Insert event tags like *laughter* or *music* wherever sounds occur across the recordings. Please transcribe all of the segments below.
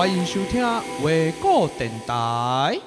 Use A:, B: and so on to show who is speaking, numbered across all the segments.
A: 歡迎收聽偉、啊、固電台。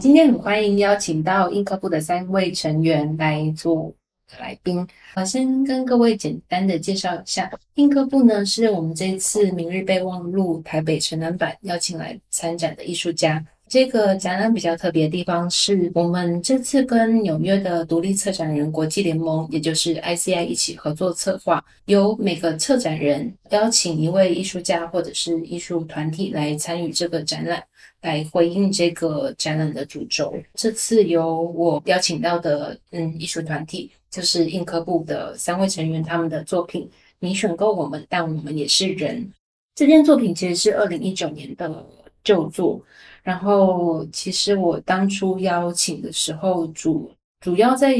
B: 今天很歡迎邀請到印刻部的三位成員來做來賓。我先跟各位簡單的介紹一下，印刻部呢是我們這次明日備忘錄台北城南版邀請來參展的藝術家。這個展覽比較特別的地方是我們這次跟紐約的獨立策展人國際聯盟，也就是 ICI 一起合作策劃，由每個策展人邀請一位藝術家或者是藝術團體來參與這個展覽，來回應這個展覽的主軸。這次由我邀請到的，嗯，藝術團體就是印刻部的三位成員，他們的作品。你選購我們，但我們也是人。這件作品其實是二零一九年的舊作。然後，其實我當初邀請的時候主、主主要在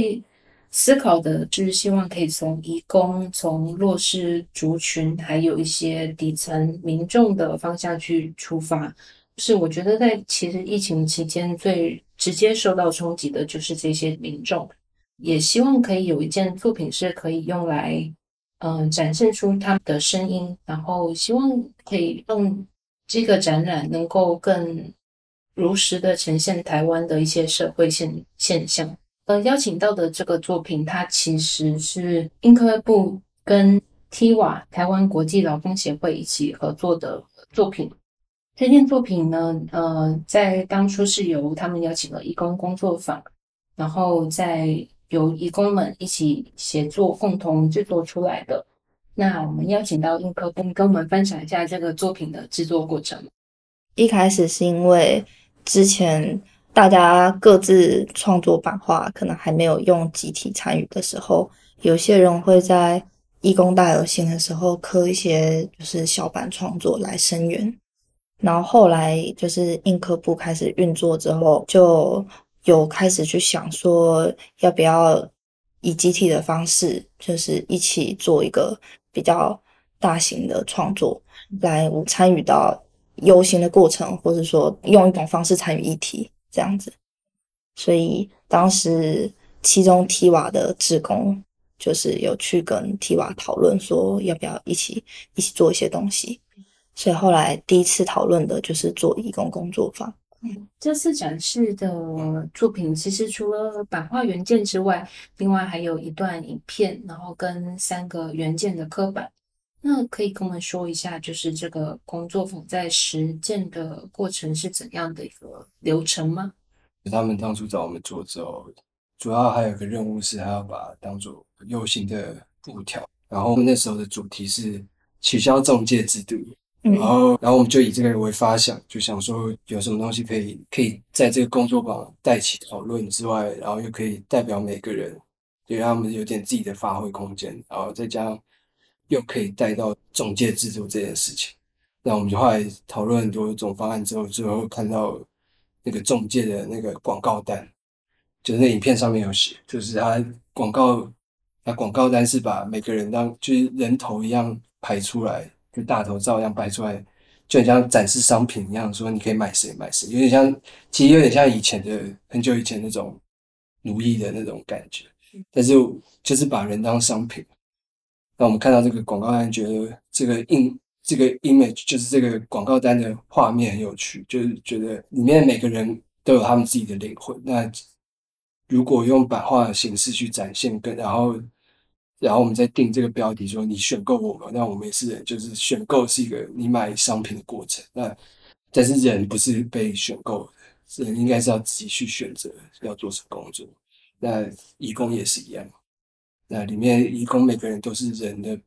B: 思考的就是希望可以從移工，從弱勢族群，還有一些底層民眾的方向去出發。是我覺得，在其實疫情期間最直接受到衝擊的就是這些民眾。也希望可以有一件作品是可以用來，嗯、呃，展現出他們的聲音，然後希望可以讓這個展覽能夠更。如實的呈現台灣的一些社會現現象。呃，邀請到的這個作品，它其實是印刻部跟 TIWA 台灣國際勞工協會一起合作的作品。這件作品呢，呃，在當初是由他們邀請了移工工作坊，然後再由移工們一起協作共同制作出來的。那我們邀請到印刻部，跟我們分享一下這個作品的制作過程。
C: 一開始是因為。之前大家各自創作版畫，可能還沒有用集體參與的時候，有些人會在移工大遊行的時候刻一些就是小版創作來聲援。然後後來就是印刻部開始運作之後，就有開始去想說要不要以集體的方式，就是一起做一個比較大型的創作來參與到。遊行的過程，或者說用一種方式參與議題，這樣子。所以當時，其中提瓦的志工就是有去跟提瓦討論，說要不要一起一起做一些東西。所以後來第一次討論的就是做移工工作
B: 坊。嗯，這次展示的作品其實除了版畫原件之外，另外還有一段影片，然後跟三個原件的刻版。那可以跟我們說一下，就是這個工作坊在實踐的過程是怎
A: 樣的一個流程嗎？他們當初找我們做之後，主要還有一個任務是還要把它當做右行的布條。然後那時候的主題是取消仲介制度，嗯，然後然後我們就以這個為發想，就想說有什麼東西可以可以在這個工作坊帶起討論之外，然後又可以代表每個人，對，讓他們有點自己的發揮空間，然後再加上。又可以帶到中介制度這件事情，那我們就後來討論很多種方案之後，最後看到那個中介的那個廣告單，就是那影片上面有寫，就是他廣告，他廣告單是把每個人當就是人頭一樣排出來，就大頭照一樣拍出來，就很像展示商品一樣，說你可以買誰買誰，有點像，其實有點像以前的很久以前那種奴役的那種感覺，但是就是把人當商品。那我們看到這個廣告單，覺得這個印這個 image 就是這個廣告單的畫面很有趣，就是覺得裡面每個人都有他們自己的靈魂。那如果用版畫的形式去展現，跟然後然後我們再定這個標題說“你選購我們。”那我們也是人，就是選購是一個你買商品的過程。那但是人不是被選購，人應該是要自己去選擇，要做什麼工作。那移工也是一樣。那裡面，一共每個人都是人的，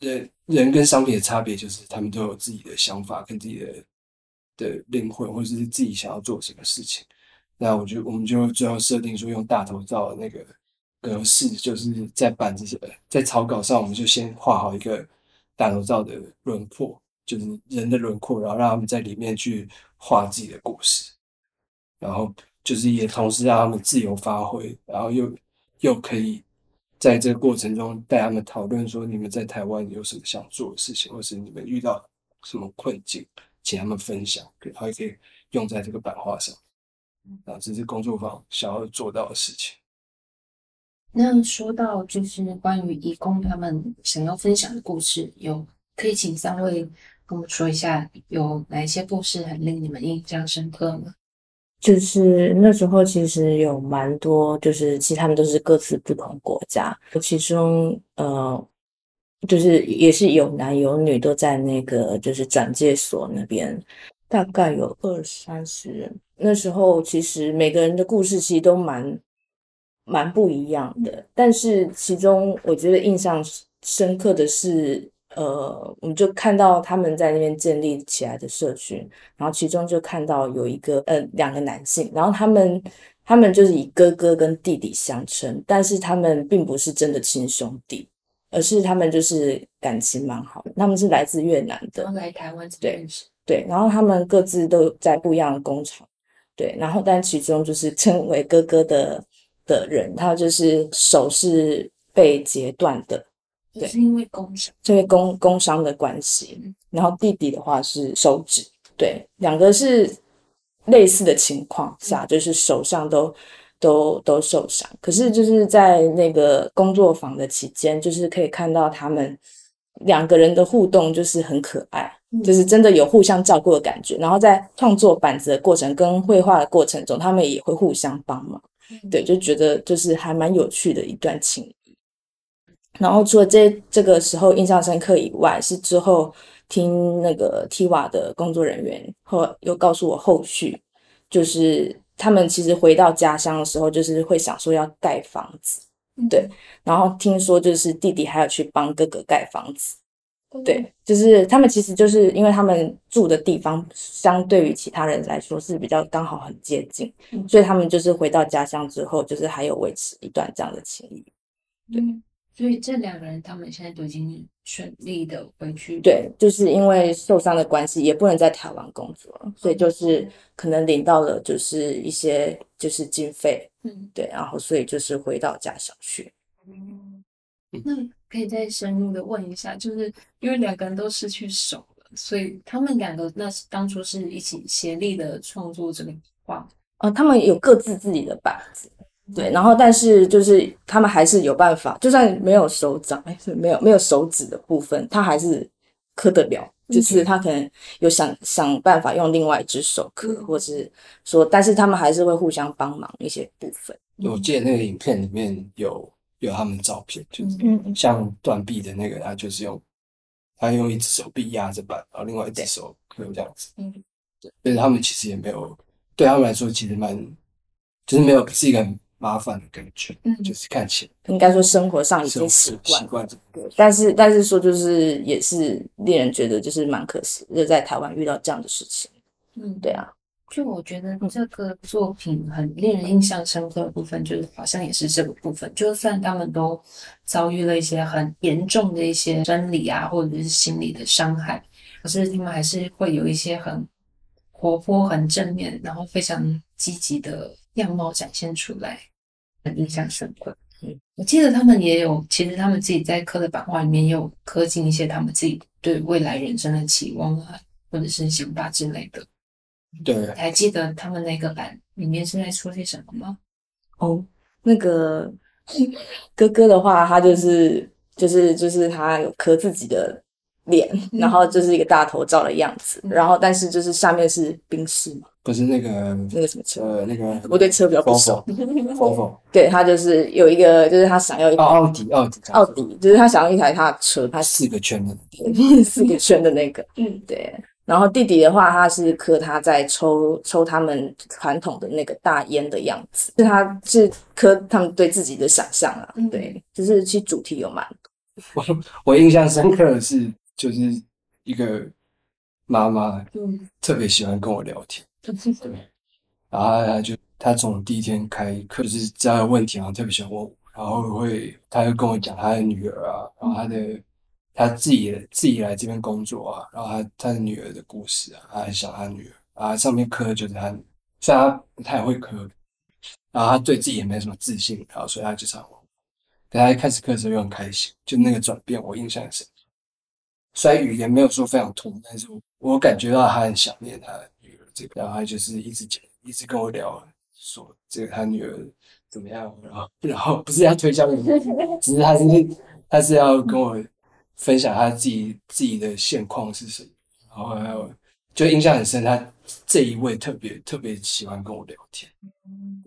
A: 人人跟商品的差別就是他們都有自己的想法跟自己的的靈魂，或者是自己想要做什麼事情。那我就我們就最後設定說，用大頭照的那個格式，就是在版子上，在草稿上，我們就先畫好一個大頭照的輪廓，就是人的輪廓，然後讓他們在裡面去畫自己的故事，然後就是也同時讓他們自由發揮，然後又又可以。在這個過程中，帶他們討論說，你們在台灣有什麼想做的事情，或是你們遇到什麼困境，請他們分享，給他也可以用在這個版畫上。啊，這是工作坊想要做到的事情。
B: 那說到就是關於移工他們想要分享的故事，有可以請三位跟我說一下，有哪一些故事很令你們印象深刻嗎？
D: 就是那時候，其實有蠻多，就是其實他們都是各自不同國家。其中，呃，就是也是有男有女，都在那個就是轉介所那邊，大概有二三十人。那時候，其實每個人的故事其實都蠻蠻不一樣的，但是其中我覺得印象深刻的是。呃，我們就看到他們在那邊建立起來的社群，然後其中就看到有一個，呃，兩個男性，然後他們他們就是以哥哥跟弟弟相稱，但是他們並不是真的親兄弟，而是他們就是感情蠻好的，他們是來自越南的，來台灣這邊是對對，然後他們各自都在不一樣的工廠，對，然後但其中就是稱為哥哥的的人，他就是手是被截斷的。
B: 對是，是因為工傷，
D: 是因為工工傷的關係、嗯。然後弟弟的話是手指，對，兩個是類似的情況下、嗯，就是手上都都都受傷。可是就是在那個工作坊的期間，就是可以看到他們兩個人的互動，就是很可愛、嗯，就是真的有互相照顧的感覺。然後在創作板子的過程跟繪畫的過程中，他們也會互相幫忙。嗯、對，就覺得就是還蠻有趣的一段情。然後除了這這個時候印象深刻以外，是之後聽那個 TIWA 的工作人員後又告訴我後續，就是他們其實回到家鄉的時候，就是會想說要蓋房子，對。嗯、然後聽說就是弟弟還要去幫哥哥蓋房子、嗯，對。就是他們其實就是因為他們住的地方相對於其他人來說是比較剛好很接近，嗯、所以他們就是回到家鄉之後，就是還有維持一段這樣的情誼，
B: 對。嗯所以這兩個人他們現在都已經順利的回去。對，
D: 就是因為受傷的關係，也不能在台灣工作，嗯，所以就是可能領到了就是一些就是經費。嗯，對，然後所以就是回到家
B: 小學。嗯，那可以再深入的問一下，就是因為兩個人都失去手了，所以他們兩個那是當初是一起協力的創作這個畫。
D: 啊，他們有
B: 各自自己的板子？對，
D: 然後但是就是他們還是有辦法，就算沒有手掌，沒有沒有手指的部分，他還是刻得了。就是他可能有想想辦法用另外一隻手刻，或者是說，但是他們還是會互相幫忙一些部分。
A: 我記得那個影片裡面有有他們照片，就是像斷臂的那個，他就是用他用一隻手臂壓着板，然後另外一隻手刻這樣子。嗯，對，但是他們其實也沒有，對他們來說其實蠻，就是沒有是一個。麻煩的感覺，嗯，就是看起來應該說生活上已經習慣，習慣這個，
D: 但是但是說就是也是令人覺得就是蠻可惜，就是在台灣遇到這樣的事情，嗯，對啊，
B: 就我覺得這個作品很令人印象深刻的部分，就是好像也是這個部分，就算他們都遭遇了一些很嚴重的一些生理啊或者是心理的傷害，可是他們還是會有一些很活潑、很正面，然後非常積極的樣貌展現出來。印象深刻。嗯，我記得他們也有，其實他們自己在刻的版畫裡面，也有刻進一些他們自己對未來人生的期望啊，或者是想法之類的。對，還記得他們那個版裡面是在說些什麼嗎？哦，那個
D: 哥哥的話，他就是 *laughs* 就是就是他有刻自己的臉， *laughs* 然後就是一個大頭照的樣子， *laughs* 然後但是就是上面是冰室嘛。
A: 不是那個那個什麼車，呃、那個，
D: 我對車比較不熟。對，他就是有一個，就是他想要一台奧迪，奧迪，奧迪，迪，迪，就是他想要一台他的車，他四個圈的，那個四個圈的那個， *laughs* 四個圈的那個，嗯，對。然後弟弟的話，他是刻他在抽抽他們傳統的那個大煙的樣子，就是他是刻他們對自己的想象啊，嗯，對，就是其實主題有蠻多。
A: *laughs* 我我印象深刻的是，就是一個媽媽，特別喜歡跟我聊天。對，然後他就他從第一天開課就是這樣的問題啊，特別喜歡問我，然後會他就跟我講他的女兒啊，然後他的他自己自己來這邊工作啊，然後他他的女兒的故事啊，他很想他女兒啊，然後上面刻就是他，雖然他不太會刻，然後他對自己也沒什麼自信，然後所以他就常問我，等他一開始刻的時候又很開心，就那個轉變我印象很深。雖然語言沒有說非常通，但是我我感覺到他很想念他。這個、然後他就是一直講，一直跟我聊，說這個他女兒怎麼樣，然後然後不是要推銷什麼，只 *laughs* 是他是他是要跟我分享他自己 *laughs* 自己的現況是什麼。然後還有就印象很深，他這一位特別特別喜歡跟我聊天。嗯，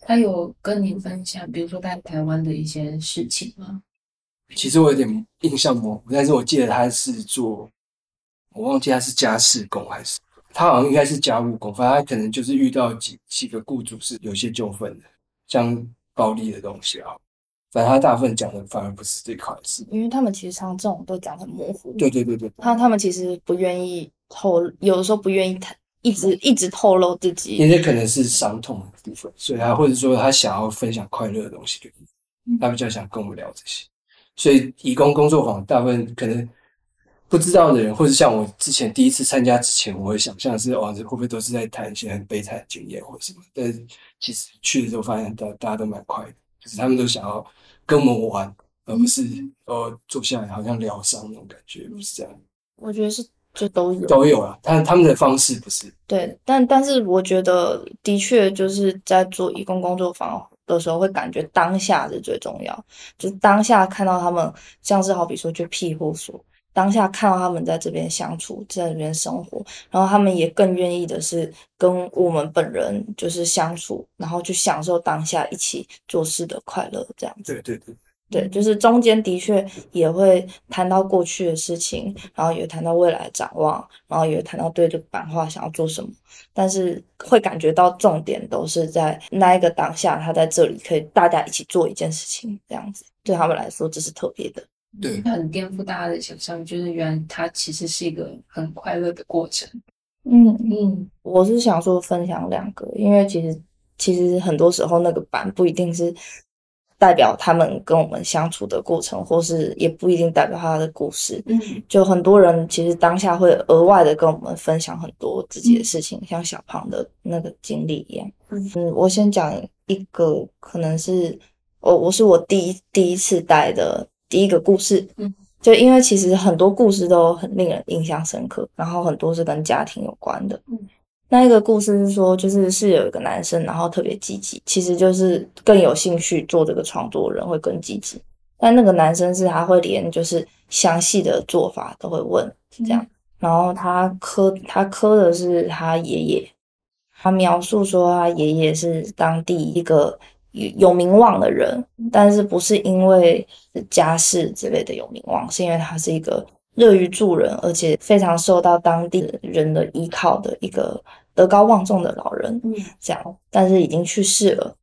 B: 他有跟你分享，比如說在台灣的一些事情
A: 嗎？其實我有點印象模糊，但是我記得他是做，我忘記他是家事工還是。他好像應該是家務工，反正他可能就是遇到幾幾個雇主是有些糾紛的，這樣暴力的東西啊。反正他大部分講的反而不是這回事，
C: 因為他們其實像這種都講得很模糊。對對對對。他他們其實不願意透，有的時候不願意談，一直一直透露自己。因為
A: 可能是傷痛的部分，所以他或者說他想要分享快樂的東西，他比較想跟我們聊這些，所以移工工作坊大部分可能。不知道的人，或者像我之前第一次參加之前，我會想象是哦，這會不會都是在談一些很悲慘的經驗或者什麼？但是其實去的時候發現大，大大家都蠻快的，就是他們都想要跟我們玩，而不是哦坐下來好像療傷那種感覺，不是這樣。
C: 我覺得是，就都有都有啊。但他們的方式不是對，但但是我覺得的確就是在做移工工作坊的時候，會感覺當下是最重要，就是、當下看到他們像是好比說去庇護所，當下看到他們在這邊相處，在這邊生活，然後他們也更願意的是跟我們本人就是相處，然後去享受當下一起做事的快樂。這樣子，
A: 對
C: 對對，對，就是中間的確也會談到過去的事情，然後也談到未來的展望，然後也談到對這個版畫想要做什麼，但是會感覺到重點都是在那一個當下，他在這裡可以大家一起做一件事情，這樣子
B: 對他們來說，這是特別的。對，很顛覆大家的想象，就是原來它其實是一個很快樂的過程。嗯嗯，我是想
C: 說分享兩個，因為其實其實很多時候那個版不一定是代表他們跟我們相處的過程，或是也不一定代表他的故事。嗯、就很多人其實當下會額外的跟我們分享很多自己的事情，嗯、像小胖的那個經歷一樣。嗯，嗯我先講一個，可能是我、哦、我是我第一第一次帶的。第一個故事，就因為其實很多故事都很令人印象深刻，然後很多是跟家庭有關的。那一個故事是說，就是是有一個男生，然後特別積極，其實就是更有興趣做這個創作的人會更積極。但那個男生是他會連就是詳細的做法都會問，是這樣，然後他刻他刻的是他爺爺，他描述說他爺爺是當地一個。有名望的人，但是不是因為家世之類的有名望，是因為他是一個樂於助人，而且非常受到當地人的依靠的一個德高望重的老人。嗯，這樣，但是已經去世了。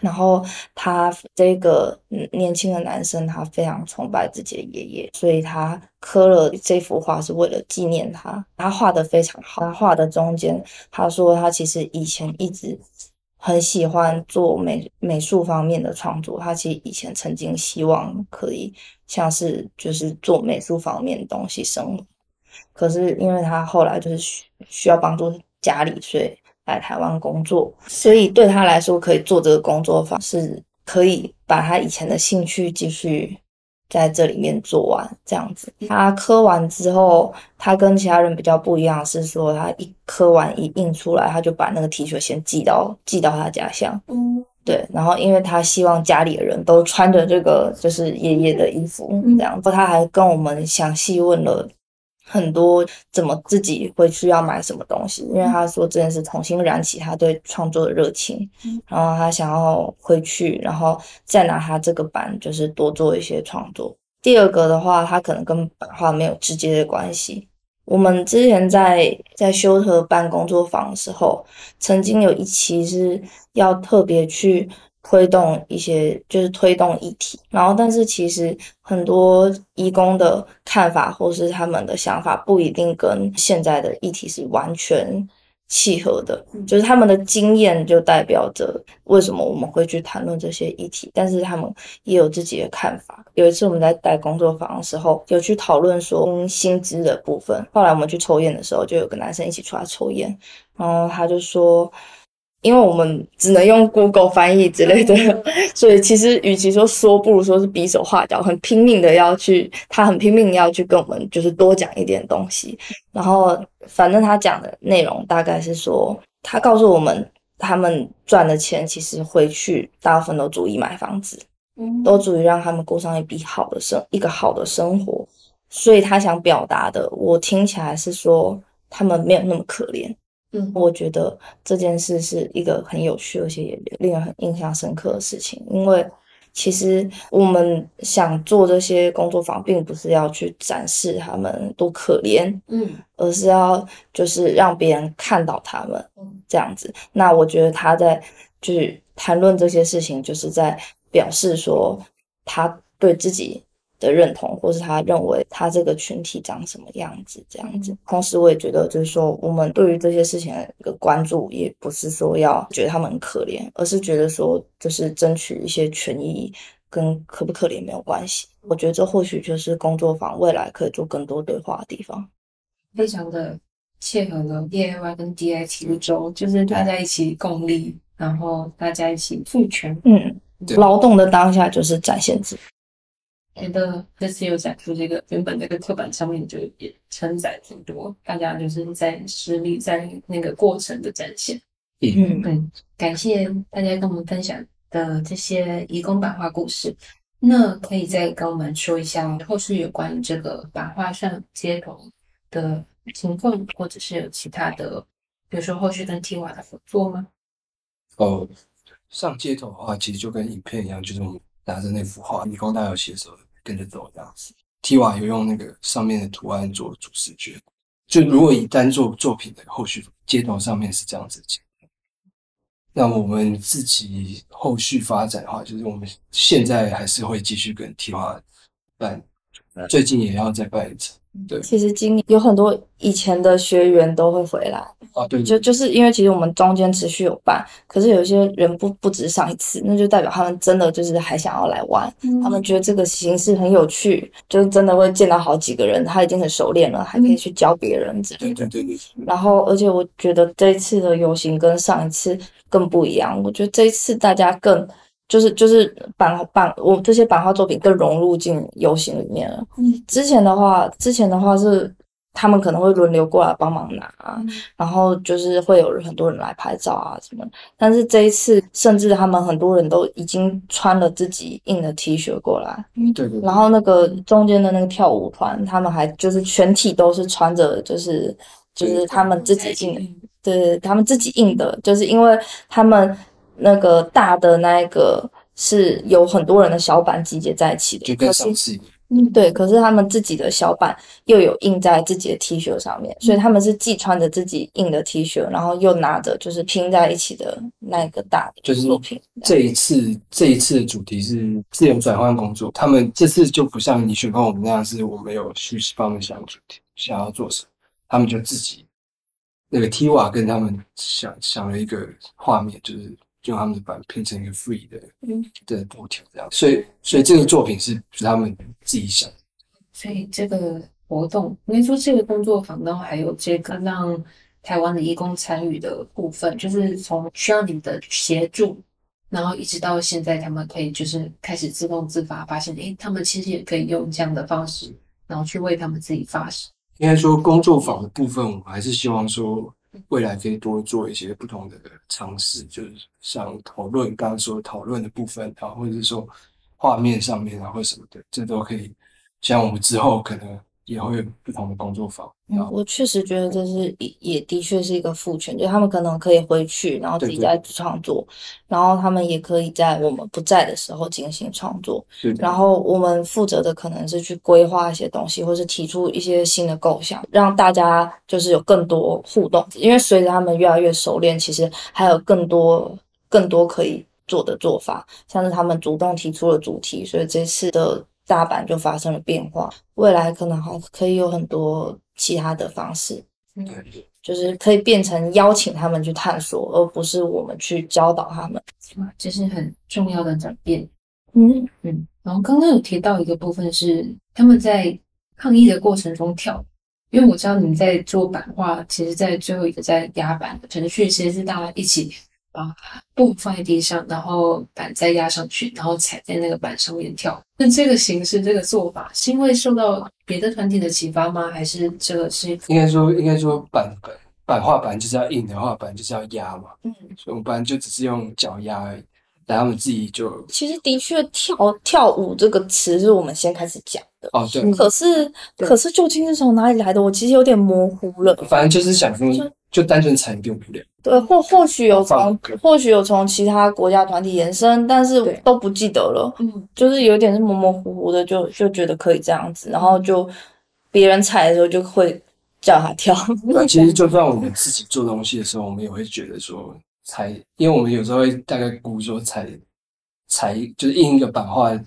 C: 然後他這個年輕的男生，他非常崇拜自己的爺爺，所以他刻了這幅畫是為了紀念他。他畫得非常好，他畫的中間，他說他其實以前一直。很喜歡做美美術方面的創作，他其實以前曾經希望可以像是就是做美術方面的東西生活，可是因為他後來就是需需要幫助家裡，所以來台灣工作，所以對他來說可以做這個工作坊，是可以把他以前的興趣繼續。在這裡面做完這樣子，他刻完之後，他跟其他人比較不一樣是說，他一刻完一印出來，他就把那個 T 恤先寄到寄到他家鄉。
B: 嗯，
C: 對，然後因為他希望家裡的人都穿着這個就是爺爺的衣服這樣，不過、嗯、他還跟我們詳細問了。很多怎麼自己會去要買什麼東西？因為他說這件事重新燃起他對創作的熱情，嗯、然後他想要回去，然後再拿他這個版就是多做一些創作。第二個的話，他可能跟版畫沒有直接的關係。我們之前在在修和辦工作坊的時候，曾經有一期是要特別去。推動一些就是推動議題，然後但是其實很多移工的看法或是他們的想法不一定跟現在的議題是完全契合的，就是他們的經驗就代表着為什麼我們會去談論這些議題，但是他們也有自己的看法。有一次我們在帶工作坊的時候有去討論說薪資的部分，後來我們去抽煙的時候就有個男生一起出來抽烟，然後他就說。因為我們只能用 Google 翻譯之類的，mm -hmm. *laughs* 所以其實與其說說，不如說是比手畫腳，很拼命的要去，他很拼命要去跟我們就是多講一點東西。Mm -hmm. 然後反正他講的內容大概是說，他告訴我們他們賺的錢其實回去大部分都足以買房子，嗯、mm -hmm.，都足以讓他們過上一筆好的生，一個好的生活。所以他想表達的，我聽起來是說他們沒有那麼可憐。我覺得這件事是一個很有趣，而且也令人很印象深刻的事情。因為其實我們想做這些工作坊，並不是要去展示他們多可憐，嗯，而是要就是讓別人看到他們這樣子。那我覺得他在就是談論這些事情，就是在表示說他對自己。的認同，或是他認為他這個群體長什麼樣子，這樣子。同時，我也覺得，就是說，我們對於這些事情的一個關注，也不是說要覺得他們很可憐，而是覺得說，就是爭取一些權益，跟可不可憐沒有關係。我覺得這或許就是工作坊未來可以做更多
B: 對話的地方。非常的契合了 DIY 跟 DIT 中，就是大家一起共力，然後大家一起賦權。嗯，勞動的
C: 當下就是展現自己。
B: 覺得這次有展出這個原本這個刻板上面就也承載挺多，大家就是在實力在那個過程的展現。嗯，嗯，感謝大家跟我們分享的這些移工版畫故事。那可以再跟我們說一下後續有關這個版畫上街頭的情況，或者是有其他的，比如說後續跟提瓦的合作嗎？
A: 哦，上街頭的話，其實就跟影片一樣，就是我們拿着那幅畫，移工代寫攜手。跟着走這樣子，TIWA 有用那個上面的圖案做主視覺。就如果以單作作品的後續街頭上面是這樣子的。那我們自己後續發展的話，就是我們現在還是會繼續跟 TIWA 辦，最近也要再辦一次。
C: 對，其實今年有很多以前的學員都會回來啊，對，對,對，就就是因為其實我們中間持續有辦，可是有些人不不止上一次，那就代表他們真的就是還想要來玩，嗯、他們覺得這個形式很有趣，就是真的會見到好幾個人，他已經很熟練了，嗯，還可以去教別人之類的。對對對，對。然後，而且我覺得這一次的遊行跟上一次更不一樣，我覺得這一次大家更。就是就是版版我這些版畫作品更融入進遊行裡面了。之前的話，之前的話是他們可能會輪流過來幫忙拿啊，然後就是會有很多人來拍照啊什麼。但是這一次，甚至他們很多人都已經穿了自己印的 T 恤過來。然後那個中間的那個跳舞團，他們還就是全體都是穿着就是就是他們自己印的，對，對，他們自己印的，就是因為他們。那個大的那一個是有很多人的小板，集結在一起的，就更詳細一點。嗯，對，可是他們自己的小板又有印在自己的 T 恤上面，嗯、所以他們是既穿着自己印的 T 恤，然後又拿着就是拼在一起的那個大
A: 作品。就是，這一次，這一次的主題是自由轉換工作。他們這次就不像你選幫我們那樣，是我沒有去幫他們想主題，想要做什麼，他們就自己那個 T 瓦跟他們想想了一個畫面，就是。就用他們把它拼成一個 free 的，嗯，對，布條這樣，所以，所以這個作品是，嗯、是他們自己想的。
B: 所以這個活動，應該說這個工作坊，然後還有這個讓台灣的義工參與的部分，就是從需要你的協助，然後一直到現在，他們可以就是開始自動自發發現，誒、欸，他們其實也可以用這樣的方式，然後去為他們自己發
A: 聲。應該說工作坊的部分，我們還是希望說。未來可以多做一些不同的嘗試，就是像討論剛剛說討論的部分啊，然後或者是說畫面上面啊，或者什麼的，這都可以。像我們之後可能。也會有不同的
C: 工作坊，嗯。我確實覺得這是也也的確是一個賦權，就他們可能可以回去，然後自己在創作對對，然後他們也可以在我們不在的時候進行創作是。然後我們負責的可能是去規劃一些東西，或是提出一些新的構想，讓大家就是有更多互動。因為隨着他們越來越熟練，其實還有更多更多可以做的做法。像是他們主動提出了主題，所以這次的。大阪就發生了變化，未來可能還可以有很多其他的方式。
B: 嗯，
C: 就是可以變成邀請他們去探索，而不是我們去教導他們，
B: 這是很重要的轉變，嗯嗯，然後剛剛有提到一個部分是他們在抗議的過程中跳，因為我知道你在做版畫，其實在最後一個在壓板的程序其實是大家一起把、啊，、布放在地上，然後板再壓上去，然後踩在那個板上面跳。那這個形式、這個做法是因為受到別的團體的啟發嗎？
A: 還是這個是應該說應該說板板畫板本就是要硬的話，畫板就是要壓嘛。嗯，所以我們班就只是用腳壓而已。然後我們自己就
C: 其實的確跳跳舞這個詞是我們先開始講
A: 的哦，對。可
C: 是可是究竟是從哪裡來的？我其實有點模糊了。
A: 嗯、反正就是想說。就單純踩一不了。
C: 對，或或許有從或許有從其他國家團體延伸，但是都不記得了，嗯，就是有點是模模糊糊，糊的就，就就覺得可以這樣子，然後就別人踩的時候就會叫他跳。
A: *laughs* 其實就算我們自己做東西的時候，我們也會覺得說踩，因為我們有時候會大概估說踩踩就是印一個版畫，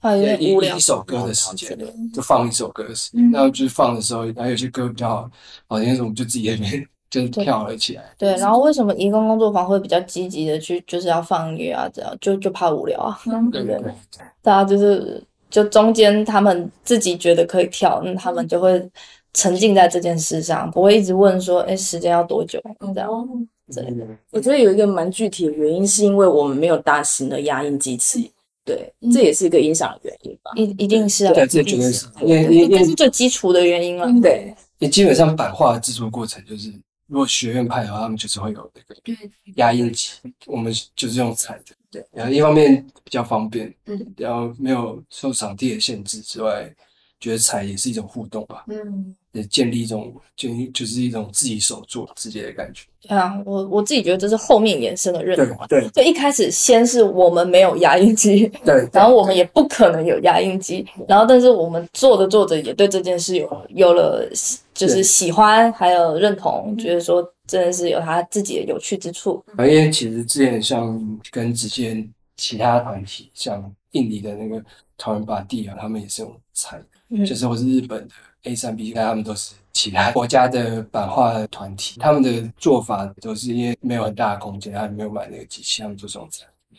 A: 啊，有
C: 點無聊，一
A: 首歌的時間，就放一首歌，嗯、然後就是放的時候，然後有些歌比較好，好聽的時候，我們就自己也沒。就是跳了起來
C: 對，對。然後為什麼移工工作坊會比較積極的去，就是要放音樂啊，這樣就就怕無聊啊，嗯、對不對，對，對，對？大家就是就中間他們自己覺得可以跳，那他們就會沉浸在這件事上，不會一直問說，哎、欸，時間要多久？這
D: 樣，真的。我覺得有一個蠻具體的原因，是因為我們沒有大型的壓印機器，對，嗯、這也是一個影響的原因吧？一、嗯、一定是啊，對，這絕對是，也也是最基礎的原因了。嗯、對，
A: 你基本上版畫製作過程就是。如果學院派的話、嗯，他們就是會有那個壓印機，我們就是用踩的，對，然後一方面比較方便，嗯，然後沒有受場地的限制之外。覺得踩也是一種互動吧，嗯，也建立一種，建立就是一種自己手做自己的感覺。
C: 對啊，我我自己覺得這是後面延伸的認同。對，就一開始先是我們沒有壓印機，對，然後我們也不可能有壓印機，然後但是我們做着做着也對這件事有、嗯、有
A: 了，就是喜
C: 歡還有認同，覺得、就是、說真的是有它自己的有趣
A: 之處。而、嗯、且其實之前像跟之前其他團體，像印尼的那個陶人巴蒂啊，他們也是用踩。就是我是日本的 A3、B C 他們都是其他國家的版畫團體，他們的做法都是因為沒有很大的空間，他們沒有買那個機器，他們做這種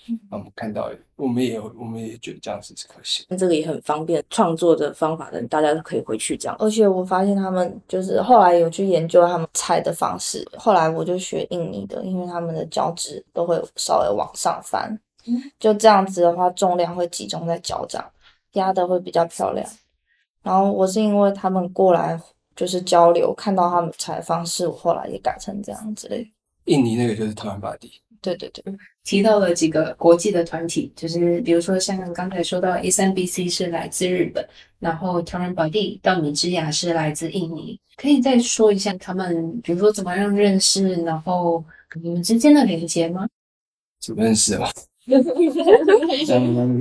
A: 那、嗯、我們看到，我們也有，我們也覺得這樣子是可行。那這個也很方便創作的方法呢，大家都可以回去這樣。而且
C: 我發現他們就是後來有去研究他們踩的方式，後來我就學印尼的，因為他們的腳趾都會稍微往上翻，嗯、就這樣子的話，重量會集中在腳掌，壓的會比較漂亮。然後我是因為他們過來就是交流，看到他們採訪的方式，我後來也改成這樣之類
A: 的。印尼那個就是、Turban、body
B: 對對對，提到了幾個國際的團體，就是比如說像剛才說到 A3BC 是來自日本，然後、Turban、body 到米芝雅是來自印尼，可以再說一下他們，比如說怎麼樣認識，然後你們之間的連接嗎？
A: 怎麼認識的？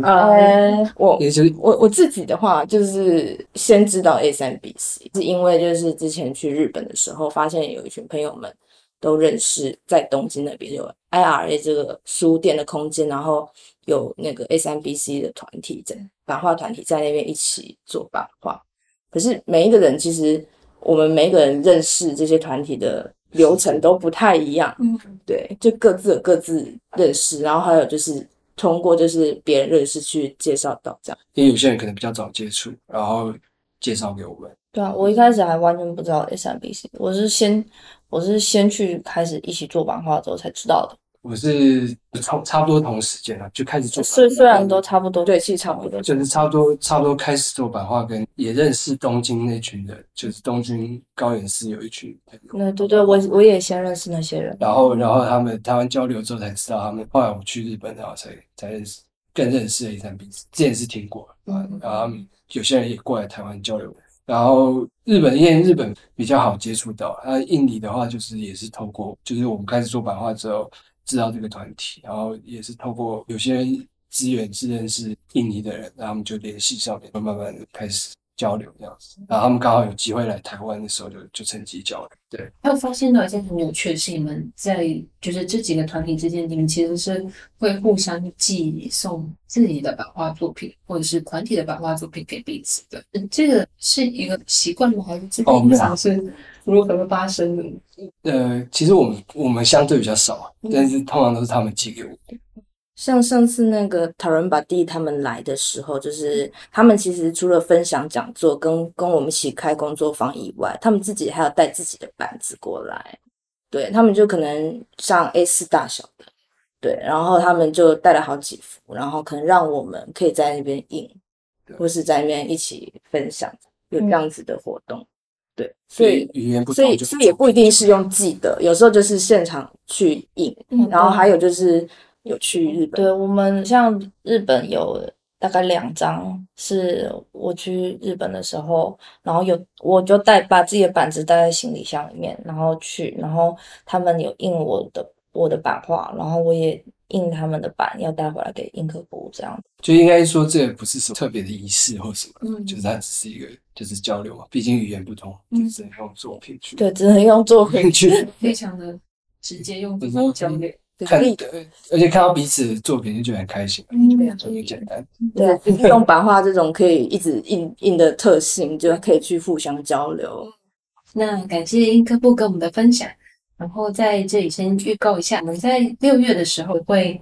B: 呃 *laughs* 、
D: 嗯，我我我自己的話，就是先知道 A 三 B C，是因為就是之前去日本的時候，發現有一群朋友們都認識，在東京那邊比如有 I R A 這個書店的空間，然後有那個 A 三 B C 的團體在版畫團體在那邊一起做版畫。可是每一個人，其實我們每一個人認識這些團體的。流程都不太一樣，嗯，對，就各自有各自認識，然後還有就是通過就是別人認識去
A: 介紹到這樣，因為有些人可能比較早接觸，然後介紹給我們。
C: 對啊，我一開始還完全不知道 s m b c，我是先我是先去開始一起做版畫之後才知道的。
A: 我是差不多同時間了就開始做版畫，
C: 雖雖然都差不多，嗯、對，
A: 是差不多，就是差不多差不多開始做版畫，跟也認識東京那群人，就是東京高遠市有一群，那、
C: 嗯、對對，我我也先認識那些人，然
A: 後然後他們台灣交流之後才知道他們，後來我去日本然後才才認識，更認識了一張幣，之前是聽過，然後他們有些人也過來台灣交流，然後日本因為日本比較好接觸到，那、啊、印尼的話就是也是透過，就是我們開始做版畫之後。知道這個團體，然後也是透過有些資源是認識印尼的人，然後我們就聯繫上面，然後慢慢開始交流這樣子。然後他們剛好有機會來台灣的時候就，就就趁機交流。對，
B: 還有發現到一些很有趣的是，你們在就是這幾個團體之間，你們其實是會互相寄送自己的版畫作品，或者是團體的版畫作品給彼此的。嗯，這個是一個習慣嗎？還是不？哦，我們倆。如何發生？
A: 呃，其實我們我們相對比較少、嗯，但是通常都是他們寄給我的。
D: 像上次那個塔倫巴蒂他們來的時候，就是他們其實除了分享講座跟、跟跟我們一起開工作坊以外，他們自己還有帶自己的板子過來。對，他們就可能像 A 四大小的，對，然後他們就帶了好幾幅，然後可能讓我們可以在那邊印，對，或是在那邊一起分享，有這樣子的活動。嗯對，所以所以所以也不一定是用寄的，有時候就是現場去
C: 印，然後還有就是有去日本，嗯，對，對我們像日本有大概兩張是我去日本的時候，然後有我就帶把自己的板子帶在行李箱裡面，然後去，然後他們有印我的我的版畫，然後我也。印他們的版要帶回來給印刻部，這樣子
A: 就應該說這也不是什麼特別的儀式或什麼，嗯，就是它只是一個就是交流嘛，畢竟語言不通，只，嗯，就是能用作品去，嗯。對，只能用作品去，非 *laughs* 常的直接
B: 用作品交流，
A: 對，而且看到彼此的作品就覺得很開心，非常
B: 非
D: 常簡單。對，啊，對，用版畫這種可以一直印印的特性，就可以去互相交流。
B: *laughs* 那感謝印刻部跟我們的分享。然後在這裡先預告一下，我們在六月的時候會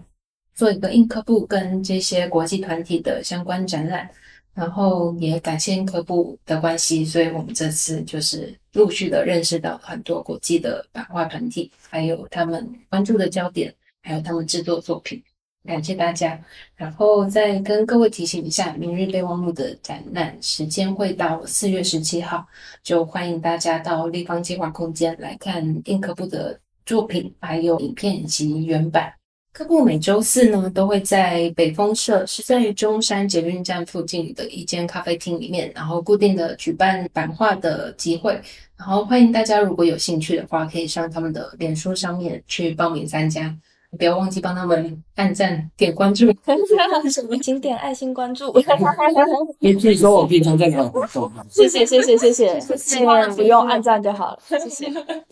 B: 做一個印刻部跟這些國際團體的相關展覽。然後也感謝印刻部的關係，所以我們這次就是陸續的認識到很多國際的版畫團體，還有他們關注的焦點，還有他們制作作品。感謝大家，然後再跟各位提醒一下，明日備忘錄的展覽時間會到四月十七號，就歡迎大家到立方計劃空間來看印刻部的作品，還有影片以及原版。刻部每周四呢，都會在北風社，是在中山捷運站附近的一間咖啡廳裡面，然後固定的舉辦版畫的集會，然後歡迎大家如果有興趣的話，可以上他們的臉書上面去報名參加。不要忘記幫他們按贊、點關注，什麼請點愛心關注。
A: 你可以說我平常在看。
B: 謝謝謝謝謝謝，千 *laughs* 萬不用
C: 按讚就好了，謝謝。 *laughs*